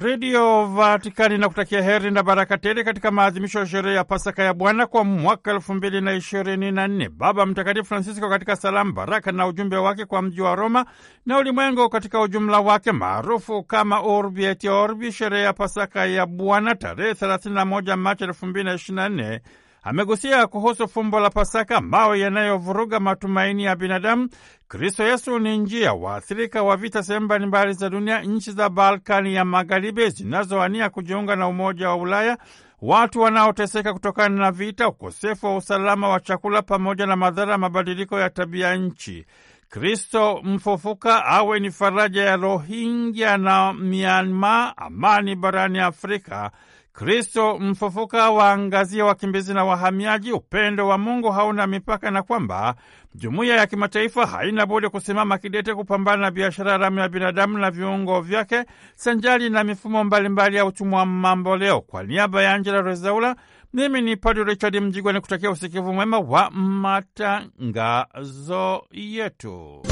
Redio Vatikani na kutakia heri na baraka tele katika maadhimisho ya sherehe ya Pasaka ya Bwana kwa mwaka elfu mbili na ishirini na nne. Baba Mtakatifu Francisco katika salamu baraka na ujumbe wake kwa mji wa Roma na ulimwengu katika ujumla wake maarufu kama Urbi et Orbi, sherehe ya Pasaka ya Bwana tarehe 31 Machi elfu mbili na ishirini na nne Amegusia kuhusu fumbo la Pasaka, mawe yanayovuruga matumaini ya binadamu. Kristo Yesu ni njia, waathirika wa vita sehemu mbalimbali za dunia, nchi za Balkani ya Magharibi zinazoania kujiunga na Umoja wa Ulaya, watu wanaoteseka kutokana na vita, ukosefu wa usalama wa chakula, pamoja na madhara ya mabadiliko ya tabia nchi. Kristo mfufuka awe ni faraja ya Rohingya na Myanmar, amani barani Afrika Kristo mfufuka waangazia wakimbizi na wahamiaji upendo wa Mungu hauna mipaka na kwamba jumuiya ya kimataifa haina budi kusimama kidete kupambana na biashara haramu ya binadamu na viungo vyake sanjali na mifumo mbalimbali ya utumwa mambo leo. Kwa niaba ya Angela Rezaula, mimi ni Padre Richard Mjigwa ni kutakia usikivu mwema wa matangazo yetu.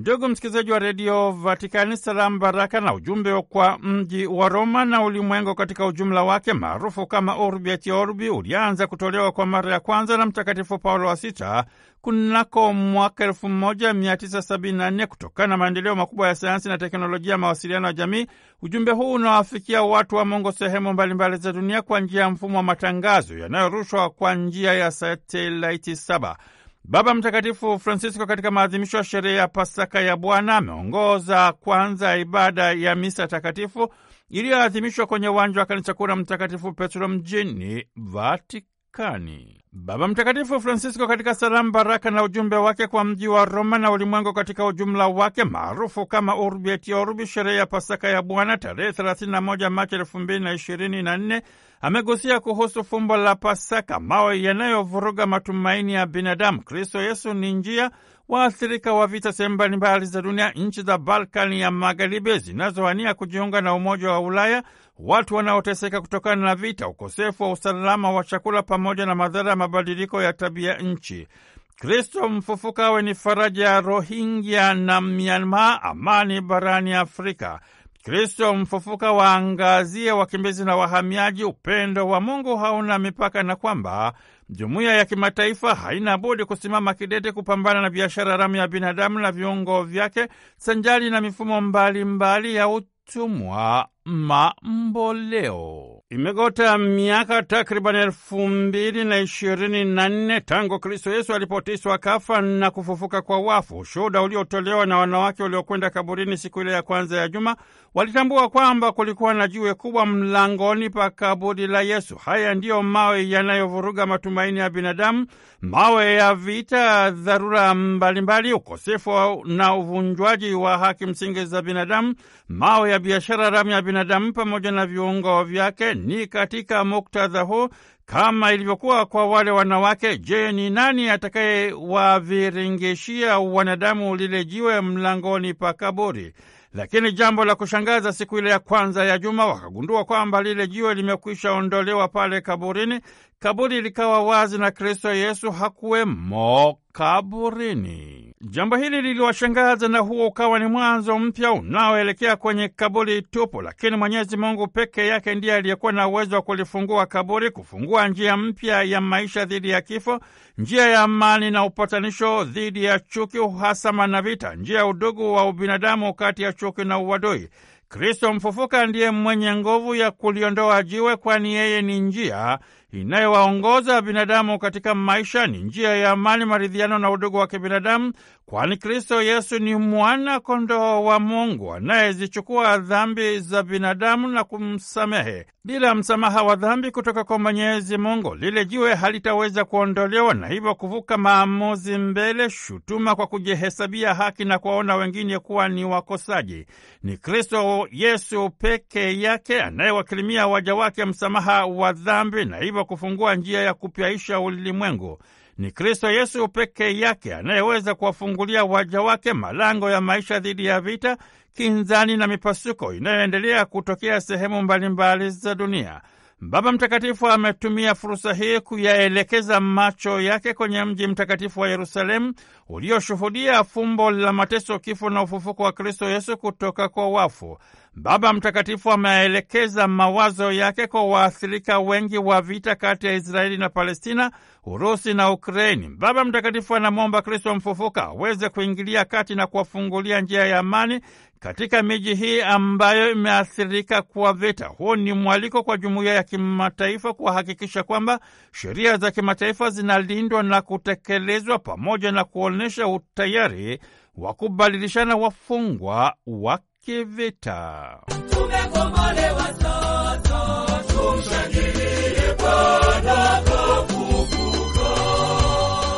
Ndugu msikilizaji wa redio Vatikani, salamu baraka na ujumbe kwa mji wa Roma na ulimwengu katika ujumla wake maarufu kama Urbi et Orbi ulianza kutolewa kwa mara ya kwanza na Mtakatifu Paulo wa Sita kunako mwaka 1974 kutokana na maendeleo makubwa ya sayansi na teknolojia ya mawasiliano ya jamii. Ujumbe huu unawafikia watu wa Mungu sehemu mbalimbali za dunia kwa njia ya mfumo wa matangazo yanayorushwa kwa njia ya satelaiti saba. Baba Mtakatifu Francisco katika maadhimisho ya sherehe ya Pasaka ya Bwana ameongoza kwanza ibada ya misa takatifu iliyoadhimishwa kwenye uwanja wa kanisa kuu la Mtakatifu Petro mjini Vatikani. Baba Mtakatifu Francisco katika salamu baraka na ujumbe wake kwa mji wa Roma na ulimwengu katika ujumla wake maarufu kama Urbi et Orbi, sherehe ya Pasaka ya Bwana tarehe 31 Machi 2024, amegusia kuhusu fumbo la Pasaka, mawe yanayovuruga matumaini ya binadamu. Kristo Yesu ni njia, waathirika wa vita sehemu mbalimbali za dunia, nchi za Balkani ya Magharibi zinazowania kujiunga na Umoja wa Ulaya, watu wanaoteseka kutokana na vita, ukosefu wa usalama wa chakula, pamoja na madhara ya mabadiliko ya tabia nchi. Kristo mfufuka awe ni faraja ya Rohingya na Myanmar, amani barani Afrika. Kristo mfufuka waangazie wakimbizi na wahamiaji upendo wa Mungu hauna mipaka na kwamba Jumuiya ya kimataifa haina budi kusimama kidete kupambana na biashara haramu ya binadamu na viungo vyake sanjari na mifumo mbalimbali mbali ya utumwa mamboleo. Imegota miaka takriban elfu mbili na ishirini na nne tangu Kristo Yesu alipotiswa kafa na kufufuka kwa wafu. Ushuhuda uliotolewa na wanawake waliokwenda kaburini siku ile ya kwanza ya juma Walitambua kwamba kulikuwa na jiwe kubwa mlangoni pa kaburi la Yesu. Haya ndiyo mawe yanayovuruga matumaini ya binadamu, mawe ya vita, dharura mbalimbali, ukosefu na uvunjwaji wa haki msingi za binadamu, mawe ya biashara ramu ya binadamu pamoja na viungo vyake. Ni katika muktadha huu kama ilivyokuwa kwa wale wanawake. Je, ni nani atakayewaviringishia wanadamu lile jiwe mlangoni pa kaburi? Lakini jambo la kushangaza, siku ile ya kwanza ya juma wakagundua kwamba lile jiwe limekwisha ondolewa pale kaburini, kaburi likawa wazi na Kristo Yesu hakuwemo kaburini. Jambo hili liliwashangaza, na huo ukawa ni mwanzo mpya unaoelekea kwenye kaburi tupu. Lakini Mwenyezi Mungu peke yake ndiye aliyekuwa na uwezo wa kulifungua kaburi, kufungua njia mpya ya maisha dhidi ya kifo, njia ya amani na upatanisho dhidi ya chuki, uhasama na vita, njia ya udugu wa ubinadamu kati ya chuki na uadui. Kristo mfufuka ndiye mwenye nguvu ya kuliondoa jiwe, kwani yeye ni njia inayowaongoza binadamu katika maisha ni njia ya amani, maridhiano na udugu wa kibinadamu, kwani Kristo Yesu ni mwana kondoo wa Mungu anayezichukua dhambi za binadamu na kumsamehe. Bila msamaha wa dhambi kutoka kwa Mwenyezi Mungu, lile jiwe halitaweza kuondolewa na hivyo kuvuka maamuzi mbele, shutuma kwa kujihesabia haki na kuwaona wengine kuwa ni wakosaji. Ni Kristo Yesu peke yake anayewakirimia waja wake msamaha wa dhambi na hivyo hivyo kufungua njia ya kupyaisha ulimwengu. Ni Kristo Yesu peke yake anayeweza kuwafungulia waja wake malango ya maisha dhidi ya vita, kinzani na mipasuko inayoendelea kutokea sehemu mbalimbali za dunia. Baba Mtakatifu ametumia fursa hii kuyaelekeza macho yake kwenye mji mtakatifu wa Yerusalemu ulioshuhudia fumbo la mateso, kifo na ufufuko wa Kristo Yesu kutoka kwa wafu. Baba Mtakatifu ameelekeza mawazo yake kwa waathirika wengi wa vita kati ya Israeli na Palestina, Urusi na Ukraini. Baba Mtakatifu anamwomba Kristo mfufuka aweze kuingilia kati na kuwafungulia njia ya amani katika miji hii ambayo imeathirika kwa vita. Huu ni mwaliko kwa jumuiya ya kimataifa kuhakikisha kwamba sheria za kimataifa zinalindwa na kutekelezwa pamoja na kuonyesha utayari wa kubadilishana wafungwa wa kivita.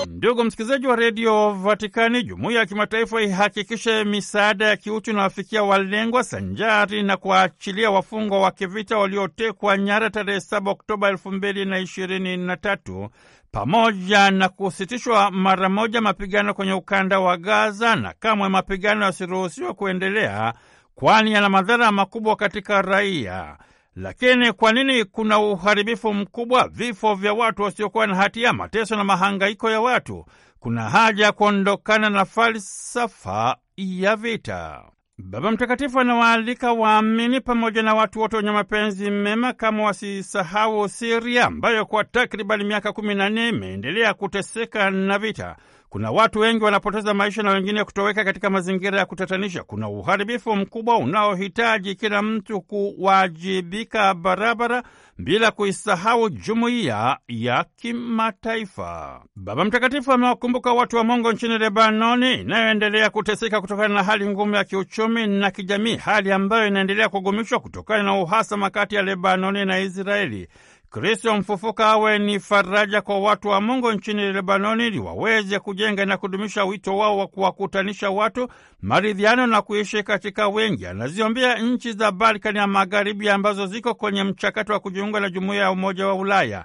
Ndugu msikilizaji wa redio Vatikani, jumuiya ya kimataifa ihakikishe misaada ya kiutu inawafikia walengwa sanjari na kuwaachilia wafungwa wa kivita waliotekwa nyara tarehe 7 Oktoba 2023 pamoja na kusitishwa mara moja mapigano kwenye ukanda wa Gaza na kamwe mapigano yasiruhusiwa kuendelea kwani yana madhara makubwa katika raia. Lakini kwa nini kuna uharibifu mkubwa, vifo vya watu wasiokuwa na hatia, mateso na mahangaiko ya watu? Kuna haja ya kuondokana na falsafa ya vita. Baba Mtakatifu anawaalika waamini pamoja na watu wote wenye mapenzi mema kama wasisahau Siria ambayo kwa takribani miaka kumi na nne imeendelea kuteseka na vita. Kuna watu wengi wanapoteza maisha na wengine kutoweka katika mazingira ya kutatanisha. Kuna uharibifu mkubwa unaohitaji kila mtu kuwajibika barabara, bila kuisahau jumuiya ya kimataifa. Baba Mtakatifu amewakumbuka watu wa mongo nchini Lebanoni inayoendelea kuteseka kutokana na hali ngumu ya kiuchumi na kijamii, hali ambayo inaendelea kugumishwa kutokana na uhasama kati ya Lebanoni na Israeli. Kristo mfufuka awe ni faraja kwa watu wa Mungu nchini Lebanoni, ili waweze kujenga na kudumisha wito wao wa kuwakutanisha watu maridhiano na kuishi katika wengi. Anaziombea nchi za Balkani ya Magharibi ambazo ziko kwenye mchakato wa kujiunga na Jumuiya ya Umoja wa Ulaya.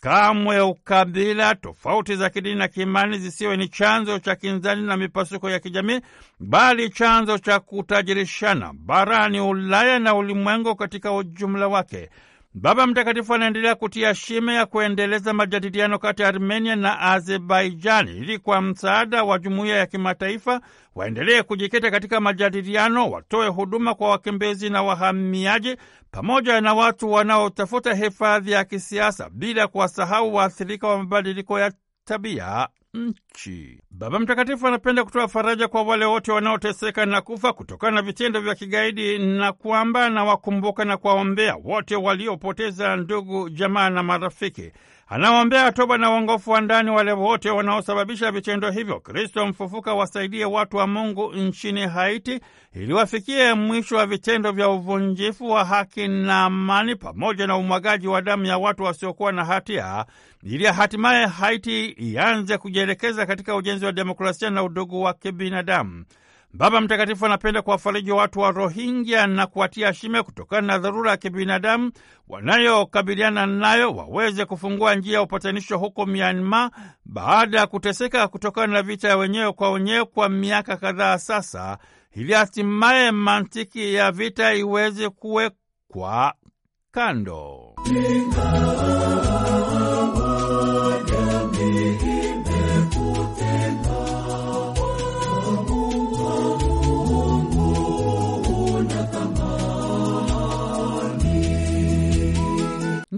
Kamwe ukabila, tofauti za kidini na kiimani zisiwe ni chanzo cha kinzani na mipasuko ya kijamii, bali chanzo cha kutajirishana barani Ulaya na ulimwengu katika ujumla wake. Baba Mtakatifu anaendelea kutia shime ya kuendeleza majadiliano kati ya Armenia na azerbaijan ili kwa msaada wa jumuiya ya kimataifa waendelee kujikita katika majadiliano, watoe huduma kwa wakimbizi na wahamiaji pamoja na watu wanaotafuta hifadhi ya kisiasa, bila kuwasahau waathirika wa mabadiliko ya tabia nchi. Baba Mtakatifu anapenda kutoa faraja kwa wale wote wanaoteseka na kufa kutokana na vitendo vya kigaidi na kwamba anawakumbuka na kuwaombea wote waliopoteza ndugu, jamaa na marafiki. Anawaombea toba na uongofu wa ndani wale wote wanaosababisha vitendo hivyo. Kristo mfufuka wasaidie watu wa Mungu nchini Haiti ili wafikie mwisho wa vitendo vya uvunjifu wa haki na amani pamoja na umwagaji wa damu ya watu wasiokuwa na hatia ili hatimaye Haiti ianze kujielekeza katika ujenzi wa demokrasia na udugu wa kibinadamu. Baba Mtakatifu anapenda kuwafariji watu wa Rohingya na kuwatia shime kutokana na dharura ya kibinadamu wanayokabiliana nayo, waweze kufungua njia ya upatanisho huko Myanmar baada ya kuteseka kutokana na vita ya wenyewe kwa wenyewe kwa miaka kadhaa sasa, ili hatimaye mantiki ya vita iweze kuwekwa kando.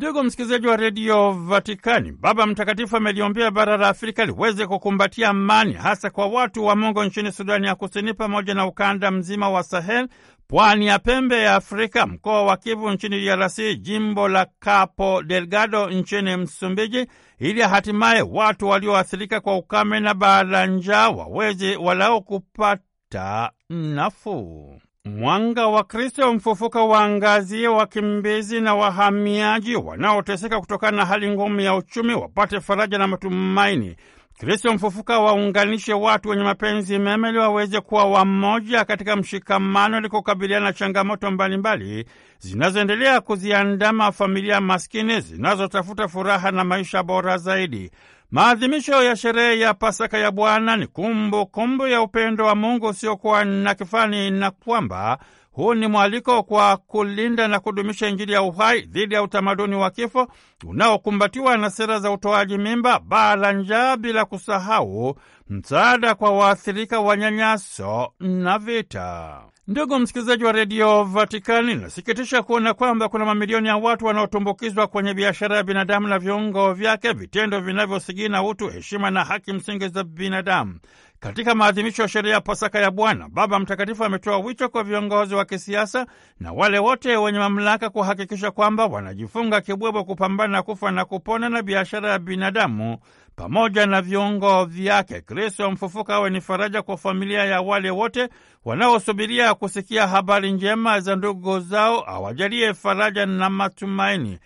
Ndugu msikilizaji wa redio Vatikani, Baba Mtakatifu ameliombea bara la Afrika liweze kukumbatia amani, hasa kwa watu wa Mungu nchini Sudani ya Kusini pamoja na ukanda mzima wa Sahel, pwani ya pembe ya Afrika, mkoa wa Kivu nchini DRC, jimbo la capo Delgado nchini Msumbiji, ili hatimaye watu walioathirika kwa ukame na la njaa waweze walao kupata nafuu. Mwanga wa Kristo mfufuka waangazie wakimbizi na wahamiaji wanaoteseka kutokana na hali ngumu ya uchumi, wapate faraja na matumaini. Kristo mfufuka waunganishe watu wenye mapenzi mema ili waweze kuwa wamoja katika mshikamano, ili kukabiliana na changamoto mbalimbali zinazoendelea kuziandama familia maskini zinazotafuta furaha na maisha bora zaidi. Maadhimisho ya sherehe ya Pasaka ya Bwana ni kumbu kumbu ya upendo wa Mungu usiokuwa na kifani na kwamba huu ni mwaliko kwa kulinda na kudumisha Injili ya uhai dhidi ya utamaduni wa kifo unaokumbatiwa na sera za utoaji mimba, baa la njaa, bila kusahau msaada kwa waathirika wa nyanyaso na vita. Ndugu msikilizaji wa redio Vatikani, inasikitisha kuona kwamba kuna mamilioni ya watu wanaotumbukizwa kwenye biashara ya binadamu na viungo vyake, vitendo vinavyosigina utu, heshima na haki msingi za binadamu. Katika maadhimisho ya sherehe ya Pasaka ya Bwana, Baba Mtakatifu ametoa wito kwa viongozi wa kisiasa na wale wote wenye mamlaka kuhakikisha kwamba wanajifunga kibwebo kupambana kufa na kupona na biashara ya binadamu pamoja na viungo vyake. Kristo mfufuka awe ni faraja kwa familia ya wale wote wanaosubiria kusikia habari njema za ndugu zao, awajalie faraja na matumaini.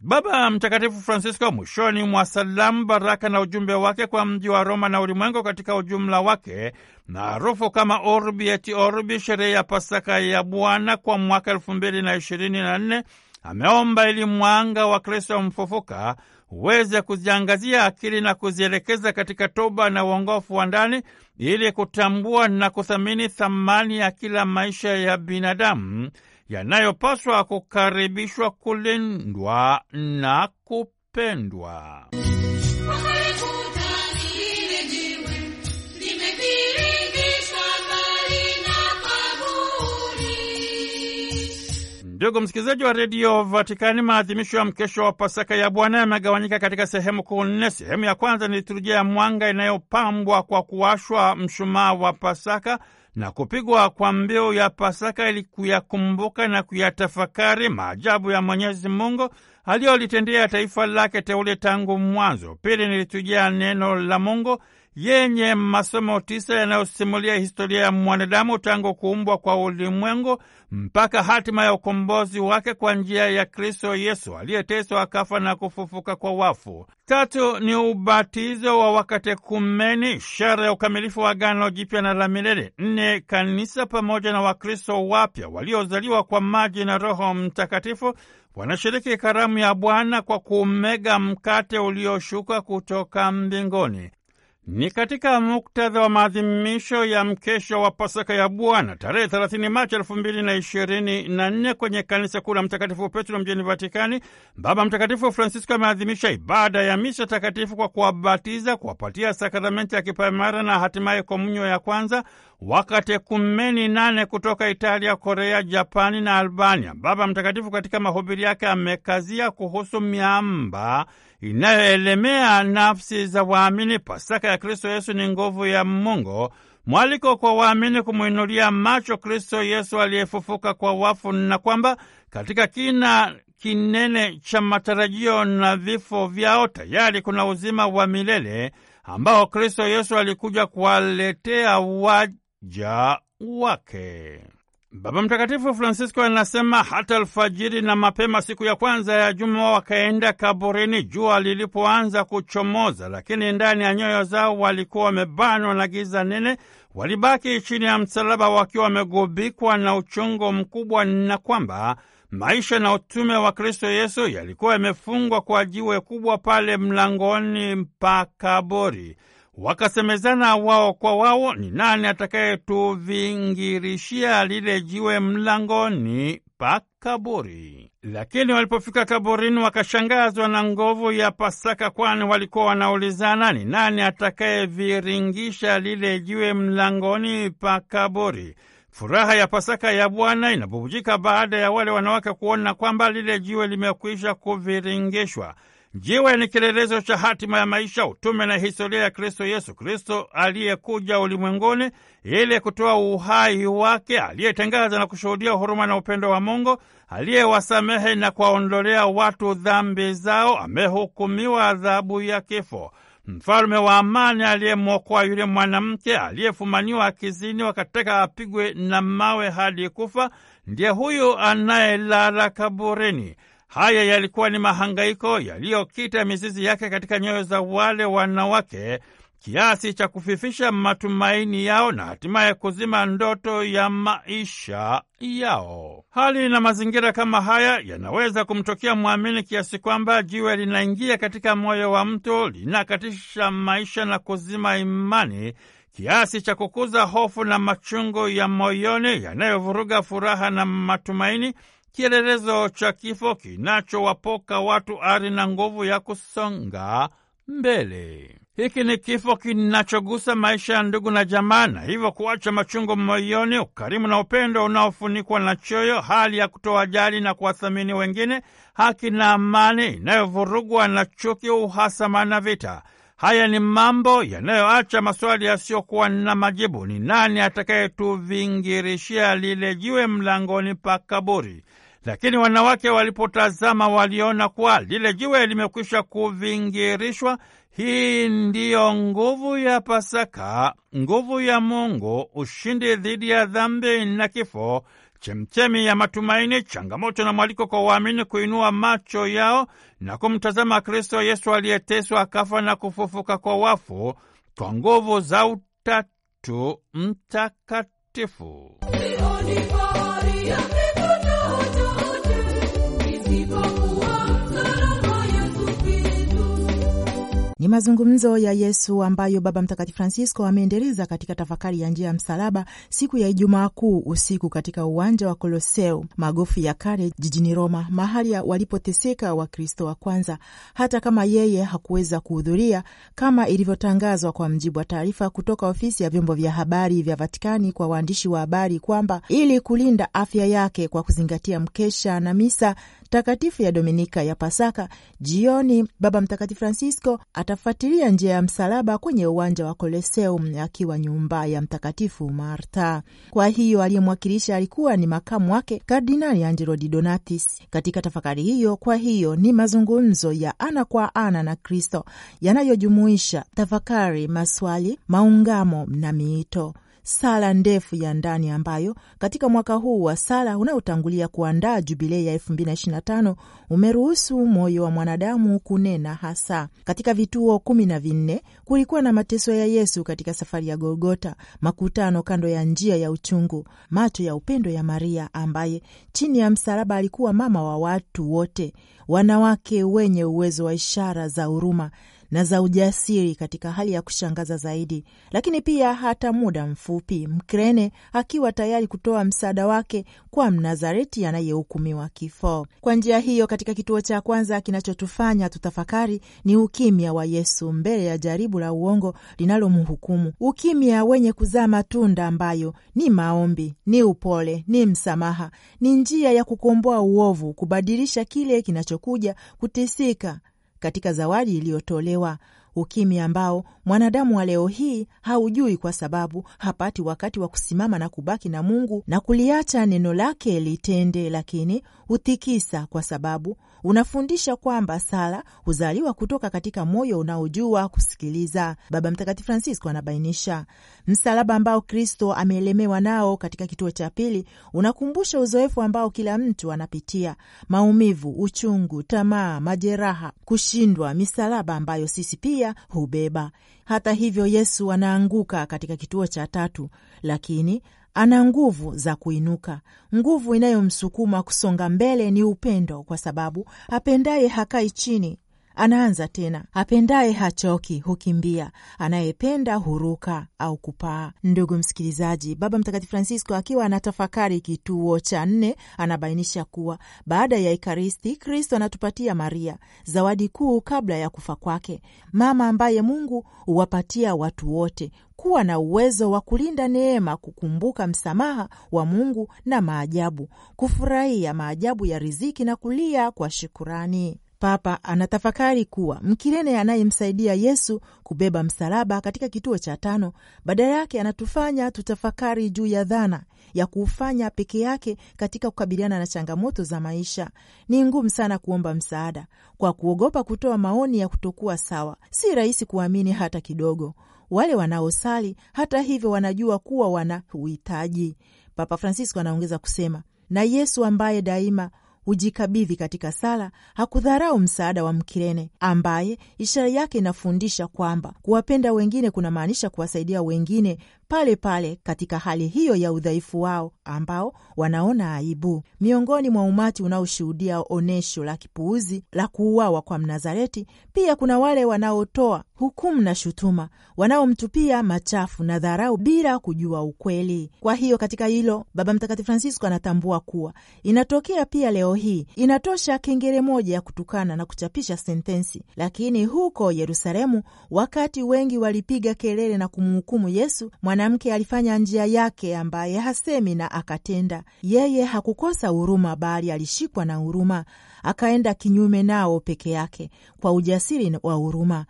Baba Mtakatifu Francisco mwishoni mwa salamu, baraka na ujumbe wake kwa mji wa Roma na ulimwengu katika ujumla wake, maarufu kama Orbi et Orbi, sherehe ya Pasaka ya Bwana kwa mwaka elfu mbili na ishirini na nne, ameomba ili mwanga wa Kristo mfufuka uweze kuziangazia akili na kuzielekeza katika toba na uongofu wa ndani ili kutambua na kuthamini thamani ya kila maisha ya binadamu yanayopaswa kukaribishwa, kulindwa na kupendwa. Ndugu msikilizaji wa redio Vatikani, maadhimisho ya mkesho wa Pasaka ya Bwana yamegawanyika katika sehemu kuu nne. Sehemu ya kwanza ni liturujia ya mwanga inayopambwa kwa kuwashwa mshumaa wa Pasaka na kupigwa kwa mbiu ya Pasaka ili kuyakumbuka na kuyatafakari maajabu ya Mwenyezi Mungu aliyolitendea taifa lake teule tangu mwanzo. Pili ni liturujia ya neno la Mungu yenye masomo tisa yanayosimulia historia ya mwanadamu tangu kuumbwa kwa ulimwengu mpaka hatima ya ukombozi wake kwa njia ya Kristo Yesu aliyeteswa akafa na kufufuka kwa wafu. Tatu ni ubatizo wa wakatekumeni, ishara ya ukamilifu wa agano jipya na la milele. Nne, kanisa pamoja na Wakristo wapya waliozaliwa kwa maji na Roho Mtakatifu wanashiriki karamu ya Bwana kwa kumega mkate ulioshuka kutoka mbinguni ni katika muktadha wa maadhimisho ya mkesha wa Pasaka ya Bwana tarehe 30 Machi elfu mbili na ishirini na nne kwenye kanisa kuu la Mtakatifu Petro mjini Vatikani, Baba Mtakatifu Francisco ameadhimisha ibada ya misa takatifu kwa kuwabatiza, kuwapatia sakramenti ya kipaimara na hatimaye komunyo ya kwanza kumeni nane kutoka Italia, Korea, Japani na Albania. Baba Mtakatifu katika mahubiri yake amekazia kuhusu miamba inayoelemea nafsi za waamini. Pasaka ya Kristo Yesu ni nguvu ya Mungu, mwaliko kwa waamini kumwinulia macho Kristo Yesu aliyefufuka kwa wafu, na kwamba katika kina kinene cha matarajio na vifo vyao tayari kuna uzima wa milele ambao Kristo Yesu alikuja kuwaletea waja wake. Baba Mtakatifu Francisco anasema hata alfajiri na mapema siku ya kwanza ya juma wakaenda kaburini jua lilipoanza kuchomoza, lakini ndani ya nyoyo zao walikuwa wamebanwa na giza nene. Walibaki chini ya msalaba wakiwa wamegubikwa na uchungu mkubwa, na kwamba maisha na utume wa Kristo Yesu yalikuwa yamefungwa kwa jiwe kubwa pale mlangoni pa kaburi wakasemezana wao kwa wao, ni nani atakayetuvingirishia lile jiwe mlangoni pa kaburi. Lakini walipofika kaburini wakashangazwa na nguvu ya Pasaka, kwani walikuwa wanaulizana ni nani atakayeviringisha lile jiwe mlangoni pa kaburi. Furaha ya Pasaka ya Bwana inabubujika baada ya wale wanawake kuona kwamba lile jiwe limekwisha kuviringishwa. Jiwe ni kielelezo cha hatima ya maisha, utume na historia ya Kristo Yesu. Kristo aliyekuja ulimwenguni ili kutoa uhai wake, aliyetangaza na kushuhudia huruma na upendo wa Mungu, aliyewasamehe na kuwaondolea watu dhambi zao, amehukumiwa adhabu ya kifo. Mfalme wa amani aliyemwokoa yule mwanamke aliyefumaniwa akizini, wakataka apigwe na mawe hadi kufa, ndiye huyu anayelala kaburini. Haya yalikuwa ni mahangaiko yaliyokita mizizi yake katika nyoyo za wale wanawake kiasi cha kufifisha matumaini yao na hatimaye kuzima ndoto ya maisha yao. Hali na mazingira kama haya yanaweza kumtokea mwamini kiasi kwamba jiwe linaingia katika moyo wa mtu, linakatisha maisha na kuzima imani kiasi cha kukuza hofu na machungu ya moyoni yanayovuruga furaha na matumaini kielelezo cha kifo kinachowapoka watu ari na nguvu ya kusonga mbele. Hiki ni kifo kinachogusa maisha ya ndugu na jamaa, na hivyo kuacha machungo moyoni, ukarimu na upendo unaofunikwa na choyo, hali ya jali na kuwathamini wengine, haki na amani inayovurugwa na chuki, uhasama na vita. Haya ni mambo yanayoacha maswali yasiyokuwa na majibu. Ni nani atakayetuvingirishia lile jiwe mlangoni pa kaburi? lakini wanawake walipotazama waliona kuwa lile jiwe limekwisha kuvingirishwa. Hii ndiyo nguvu ya Pasaka, nguvu ya Mungu, ushindi dhidi ya dhambi na kifo, chemchemi ya matumaini, changamoto na mwaliko kwa waamini kuinua macho yao na kumtazama Kristo Yesu aliyeteswa, akafa na kufufuka kwa wafu kwa nguvu za Utatu Mtakatifu. Ni mazungumzo ya Yesu ambayo Baba Mtakatifu Francisco ameendeleza katika tafakari ya njia ya msalaba siku ya Ijumaa Kuu usiku katika uwanja wa Koloseu, magofu ya kale jijini Roma, mahali walipoteseka Wakristo wa kwanza, hata kama yeye hakuweza kuhudhuria kama ilivyotangazwa kwa mjibu wa taarifa kutoka ofisi ya vyombo vya habari vya Vatikani kwa waandishi wa habari kwamba ili kulinda afya yake kwa kuzingatia mkesha na misa takatifu ya Dominika ya Pasaka jioni, Baba Mtakatifu Francisco atafuatilia njia ya msalaba kwenye uwanja wa Koloseum akiwa nyumba ya Mtakatifu Marta. Kwa hiyo aliyemwakilisha alikuwa ni makamu wake Kardinali Angelo Di Donatis. Katika tafakari hiyo, kwa hiyo ni mazungumzo ya ana kwa ana na Kristo yanayojumuisha tafakari, maswali, maungamo na miito sala ndefu ya ndani ambayo katika mwaka huu wa sala unaotangulia kuandaa jubilei ya 2025 umeruhusu moyo wa mwanadamu kunena. Hasa katika vituo kumi na vinne kulikuwa na mateso ya Yesu katika safari ya Golgota, makutano kando ya njia ya uchungu, macho ya upendo ya Maria ambaye chini ya msalaba alikuwa mama wa watu wote, wanawake wenye uwezo wa ishara za huruma na za ujasiri katika hali ya kushangaza zaidi, lakini pia hata muda mfupi, mkrene akiwa tayari kutoa msaada wake kwa Mnazareti anayehukumiwa kifo. Kwa njia hiyo, katika kituo cha kwanza kinachotufanya tutafakari ni ukimya wa Yesu mbele ya jaribu la uongo linalomhukumu, ukimya wenye kuzaa matunda ambayo ni maombi, ni upole, ni msamaha, ni njia ya kukomboa uovu, kubadilisha kile kinachokuja kutisika katika zawadi iliyotolewa ukimya ambao mwanadamu wa leo hii haujui kwa sababu hapati wakati wa kusimama na kubaki na Mungu na kuliacha neno lake litende, lakini hutikisa kwa sababu unafundisha kwamba sala huzaliwa kutoka katika moyo unaojua kusikiliza. Baba Mtakatifu Francisco anabainisha msalaba ambao Kristo ameelemewa nao katika kituo cha pili unakumbusha uzoefu ambao kila mtu anapitia: maumivu, uchungu, tamaa, majeraha, kushindwa, misalaba ambayo sisi pia pia hubeba. Hata hivyo, Yesu anaanguka katika kituo cha tatu, lakini ana nguvu za kuinuka. Nguvu inayomsukuma kusonga mbele ni upendo, kwa sababu apendaye hakai chini Anaanza tena, apendaye hachoki, hukimbia; anayependa huruka au kupaa. Ndugu msikilizaji, Baba Mtakatifu Francisco akiwa anatafakari kituo cha nne anabainisha kuwa baada ya Ekaristi Kristo anatupatia Maria zawadi kuu kabla ya kufa kwake, mama ambaye Mungu huwapatia watu wote kuwa na uwezo wa kulinda neema, kukumbuka msamaha wa Mungu na maajabu, kufurahia maajabu ya riziki na kulia kwa shukurani. Papa anatafakari kuwa Mkirene anayemsaidia Yesu kubeba msalaba katika kituo cha tano, badala yake anatufanya tutafakari juu ya dhana ya kuufanya peke yake katika kukabiliana na changamoto za maisha. Ni ngumu sana kuomba msaada kwa kuogopa kutoa maoni ya kutokuwa sawa. Si rahisi kuamini hata kidogo. Wale wanaosali hata hivyo wanajua kuwa wana uhitaji. Papa Francisco anaongeza kusema na Yesu ambaye daima ujikabidhi katika sala, hakudharau msaada wa Mkirene ambaye ishara yake inafundisha kwamba kuwapenda wengine kunamaanisha kuwasaidia wengine pale pale katika hali hiyo ya udhaifu wao ambao wanaona aibu. Miongoni mwa umati unaoshuhudia onesho la kipuuzi la kuuawa kwa Mnazareti, pia kuna wale wanaotoa hukumu na shutuma, wanaomtupia machafu na dharau bila kujua ukweli. Kwa hiyo katika hilo Baba Mtakatifu Francisco anatambua kuwa inatokea pia leo hii. Inatosha kengele moja ya kutukana na kuchapisha sentensi, lakini huko Yerusalemu wakati wengi walipiga kelele na kumhukumu Yesu mwana mwanamke alifanya njia yake, ambaye hasemi na akatenda. Yeye hakukosa huruma, bali alishikwa na huruma, akaenda kinyume nao peke yake kwa ujasiri wa huruma,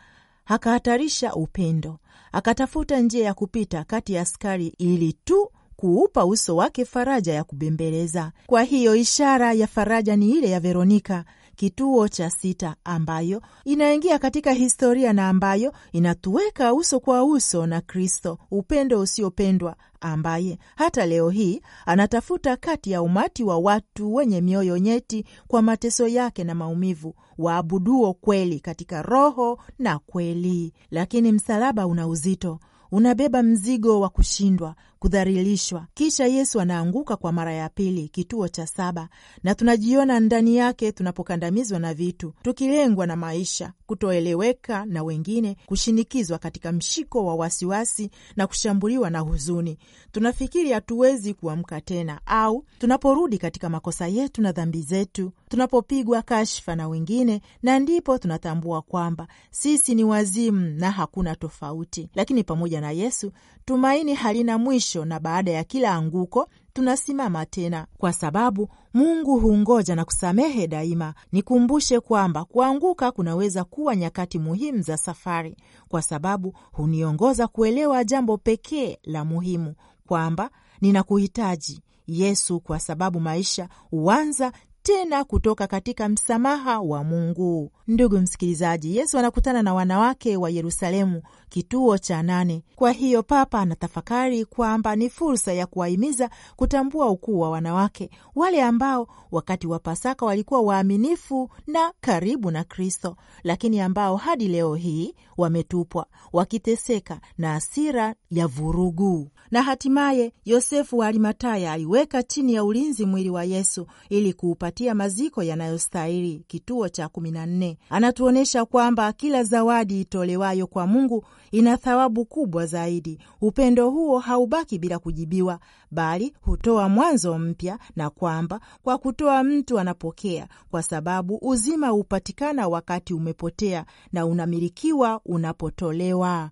akahatarisha upendo, akatafuta njia ya kupita kati ya askari ili tu kuupa uso wake faraja ya kubembeleza. Kwa hiyo ishara ya faraja ni ile ya Veronika kituo cha sita, ambayo inaingia katika historia na ambayo inatuweka uso kwa uso na Kristo, upendo usiopendwa, ambaye hata leo hii anatafuta kati ya umati wa watu wenye mioyo nyeti kwa mateso yake na maumivu, waabuduo kweli katika roho na kweli. Lakini msalaba una uzito, unabeba mzigo wa kushindwa kudharilishwa. Kisha Yesu anaanguka kwa mara ya pili, kituo cha saba, na tunajiona ndani yake tunapokandamizwa na vitu, tukilengwa na maisha, kutoeleweka na wengine, kushinikizwa katika mshiko wa wasiwasi na kushambuliwa na huzuni. Tunafikiri hatuwezi kuamka tena, au tunaporudi katika makosa yetu na dhambi zetu, tunapopigwa kashfa na wengine, na ndipo tunatambua kwamba sisi ni wazimu na hakuna tofauti. Lakini pamoja na Yesu tumaini halina mwisho mwisho, na baada ya kila anguko tunasimama tena, kwa sababu Mungu hungoja na kusamehe daima. Nikumbushe kwamba kuanguka kunaweza kuwa nyakati muhimu za safari, kwa sababu huniongoza kuelewa jambo pekee la muhimu, kwamba ninakuhitaji Yesu, kwa sababu maisha huanza tena kutoka katika msamaha wa Mungu. Ndugu msikilizaji, Yesu anakutana na wanawake wa Yerusalemu, kituo cha nane. Kwa hiyo Papa anatafakari kwamba ni fursa ya kuwahimiza kutambua ukuu wa wanawake wale ambao wakati wa Pasaka walikuwa waaminifu na karibu na Kristo, lakini ambao hadi leo hii wametupwa wakiteseka na hasira ya vurugu. Na hatimaye Yosefu wa Arimataya aliweka chini ya ulinzi mwili wa Yesu ili kuupa kuwapatia maziko yanayostahili. Kituo cha kumi na nne anatuonyesha kwamba kila zawadi itolewayo kwa Mungu ina thawabu kubwa zaidi. Upendo huo haubaki bila kujibiwa, bali hutoa mwanzo mpya, na kwamba kwa kutoa mtu anapokea, kwa sababu uzima hupatikana wakati umepotea na unamilikiwa unapotolewa.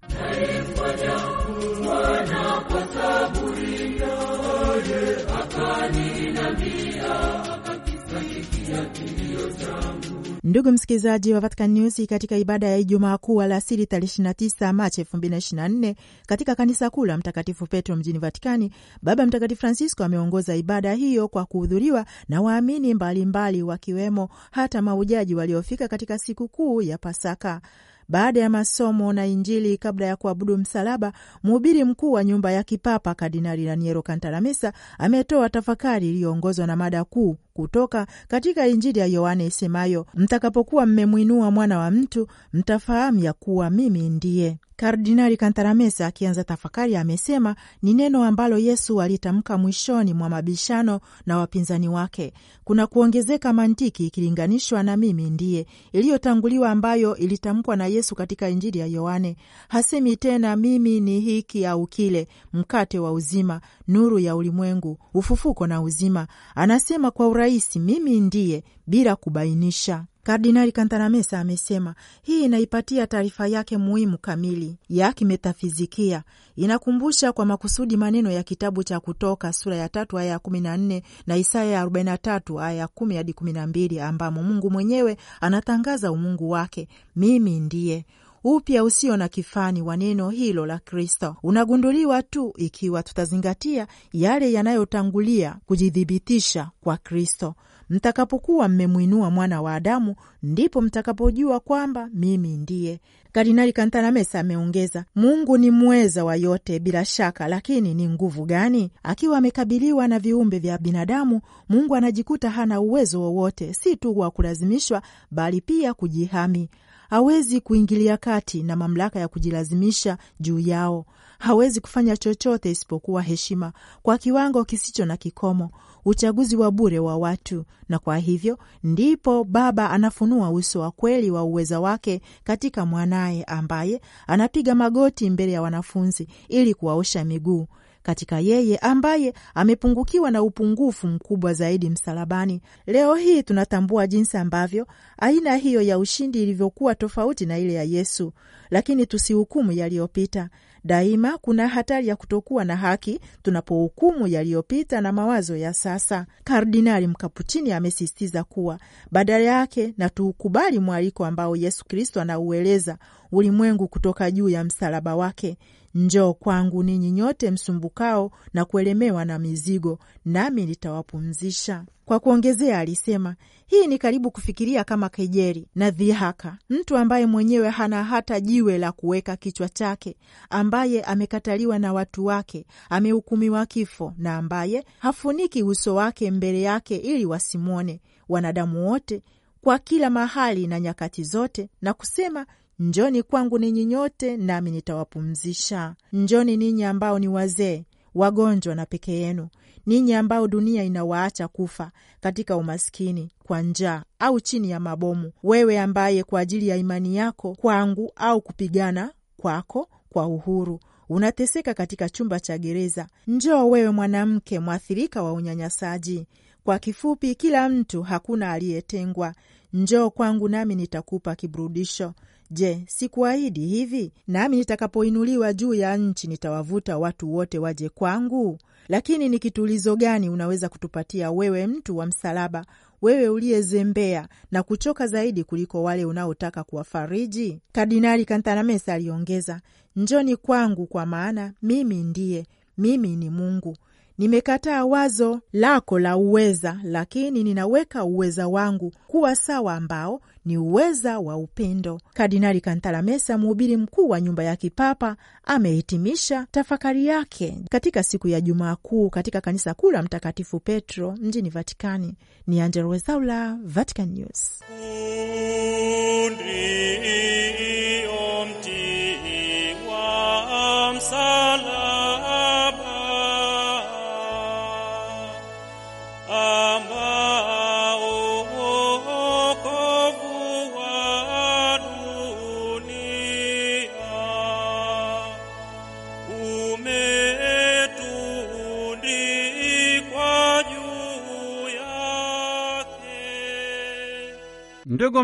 Ndugu msikilizaji wa Vatican News, katika ibada ya Ijumaa Kuu alasiri tarehe 29 Machi 2024 katika kanisa kuu la Mtakatifu Petro mjini Vatikani, Baba Mtakatifu Francisco ameongoza ibada hiyo kwa kuhudhuriwa na waamini mbalimbali, wakiwemo hata maujaji waliofika katika siku kuu ya Pasaka. Baada ya masomo na Injili kabla ya kuabudu msalaba, mhubiri mkuu wa nyumba ya kipapa Kardinali Raniero Cantalamessa ametoa tafakari iliyoongozwa na mada kuu kutoka katika Injili ya Yohane isemayo, mtakapokuwa mmemwinua mwana wa mtu, mtafahamu ya kuwa mimi ndiye. Kardinali Kantaramesa akianza tafakari amesema ni neno ambalo Yesu alitamka mwishoni mwa mabishano na wapinzani wake. Kuna kuongezeka mantiki ikilinganishwa na mimi ndiye iliyotanguliwa ambayo ilitamkwa na Yesu katika Injili ya Yohane. Hasemi tena mimi ni hiki au kile, mkate wa uzima, nuru ya ulimwengu, ufufuko na uzima. Anasema kwa rais mimi ndiye bila kubainisha. Kardinali Kantaramesa amesema hii inaipatia taarifa yake muhimu kamili ya kimetafizikia, inakumbusha kwa makusudi maneno ya kitabu cha Kutoka sura ya tatu aya ya kumi na nne na Isaya ya arobaini na tatu aya ya kumi hadi kumi na mbili ambamo Mungu mwenyewe anatangaza umungu wake, mimi ndiye upya usio na kifani wa neno hilo la Kristo unagunduliwa tu ikiwa tutazingatia yale yanayotangulia kujidhibitisha kwa Kristo. Mtakapokuwa mmemwinua mwana wa Adamu, ndipo mtakapojua kwamba mimi ndiye. Kardinali mesa ameongeza, Mungu ni mweza wa yote bila shaka, lakini ni nguvu gani? Akiwa amekabiliwa na viumbe vya binadamu, Mungu anajikuta hana uwezo wowote, si tu wa kulazimishwa, bali pia kujihami hawezi kuingilia kati na mamlaka ya kujilazimisha juu yao. Hawezi kufanya chochote isipokuwa heshima kwa kiwango kisicho na kikomo, uchaguzi wa bure wa watu, na kwa hivyo ndipo Baba anafunua uso wa kweli wa uweza wake katika mwanaye ambaye anapiga magoti mbele ya wanafunzi ili kuwaosha miguu katika yeye ambaye amepungukiwa na upungufu mkubwa zaidi msalabani. Leo hii tunatambua jinsi ambavyo aina hiyo ya ushindi ilivyokuwa tofauti na ile ya Yesu, lakini tusihukumu yaliyopita. Daima kuna hatari ya kutokuwa na haki tunapohukumu yaliyopita na mawazo ya sasa. Kardinali Mkapuchini amesisitiza kuwa badala yake na tuukubali mwaliko ambao Yesu Kristo anaueleza ulimwengu kutoka juu ya msalaba wake. Njoo kwangu ninyi nyote msumbukao na kuelemewa na mizigo, nami nitawapumzisha. Kwa kuongezea, alisema hii ni karibu kufikiria kama kejeri na dhihaka, mtu ambaye mwenyewe hana hata jiwe la kuweka kichwa chake, ambaye amekataliwa na watu wake, amehukumiwa kifo, na ambaye hafuniki uso wake mbele yake ili wasimwone wanadamu wote kwa kila mahali na nyakati zote, na kusema Njoni kwangu ninyi nyote, nami nitawapumzisha. Njoni ninyi ambao ni wazee, wagonjwa na peke yenu, ninyi ambao dunia inawaacha kufa katika umaskini, kwa njaa au chini ya mabomu. Wewe ambaye kwa ajili ya imani yako kwangu au kupigana kwako kwa uhuru unateseka katika chumba cha gereza, njoo wewe mwanamke mwathirika wa unyanyasaji. Kwa kifupi, kila mtu, hakuna aliyetengwa. Njoo kwangu nami nitakupa kiburudisho, Je, sikuahidi hivi, nami nitakapoinuliwa juu ya nchi nitawavuta watu wote waje kwangu? Lakini ni kitulizo gani unaweza kutupatia wewe, mtu wa msalaba, wewe uliyezembea na kuchoka zaidi kuliko wale unaotaka kuwafariji? Kardinali Kantalamesa aliongeza, njoni kwangu, kwa maana mimi ndiye mimi ni Mungu. Nimekataa wazo lako la uweza, lakini ninaweka uweza wangu kuwa sawa, ambao ni uweza wa upendo. Kardinali Kantalamesa, mhubiri mkuu wa nyumba ya kipapa, amehitimisha tafakari yake katika siku ya Jumaa Kuu katika kanisa kuu la Mtakatifu Petro mjini Vatikani. Ni Angella Rwezaula, Vatican News.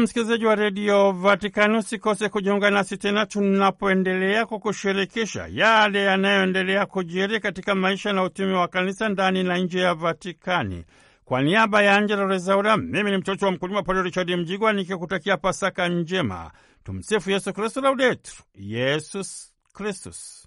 msikilizaji wa redio Vatikani, usikose kujiunga nasi tena tunapoendelea kukushirikisha yale yanayoendelea kujiri katika maisha na utumi wa kanisa ndani na nje ya Vatikani. Kwa niaba ya Angela Rezaura, mimi ni mtoto wa mkulima Padre Richard Mjigwa nikikutakia Pasaka njema. Tumsifu Yesu Kristu, Laudetur Yesus Kristus.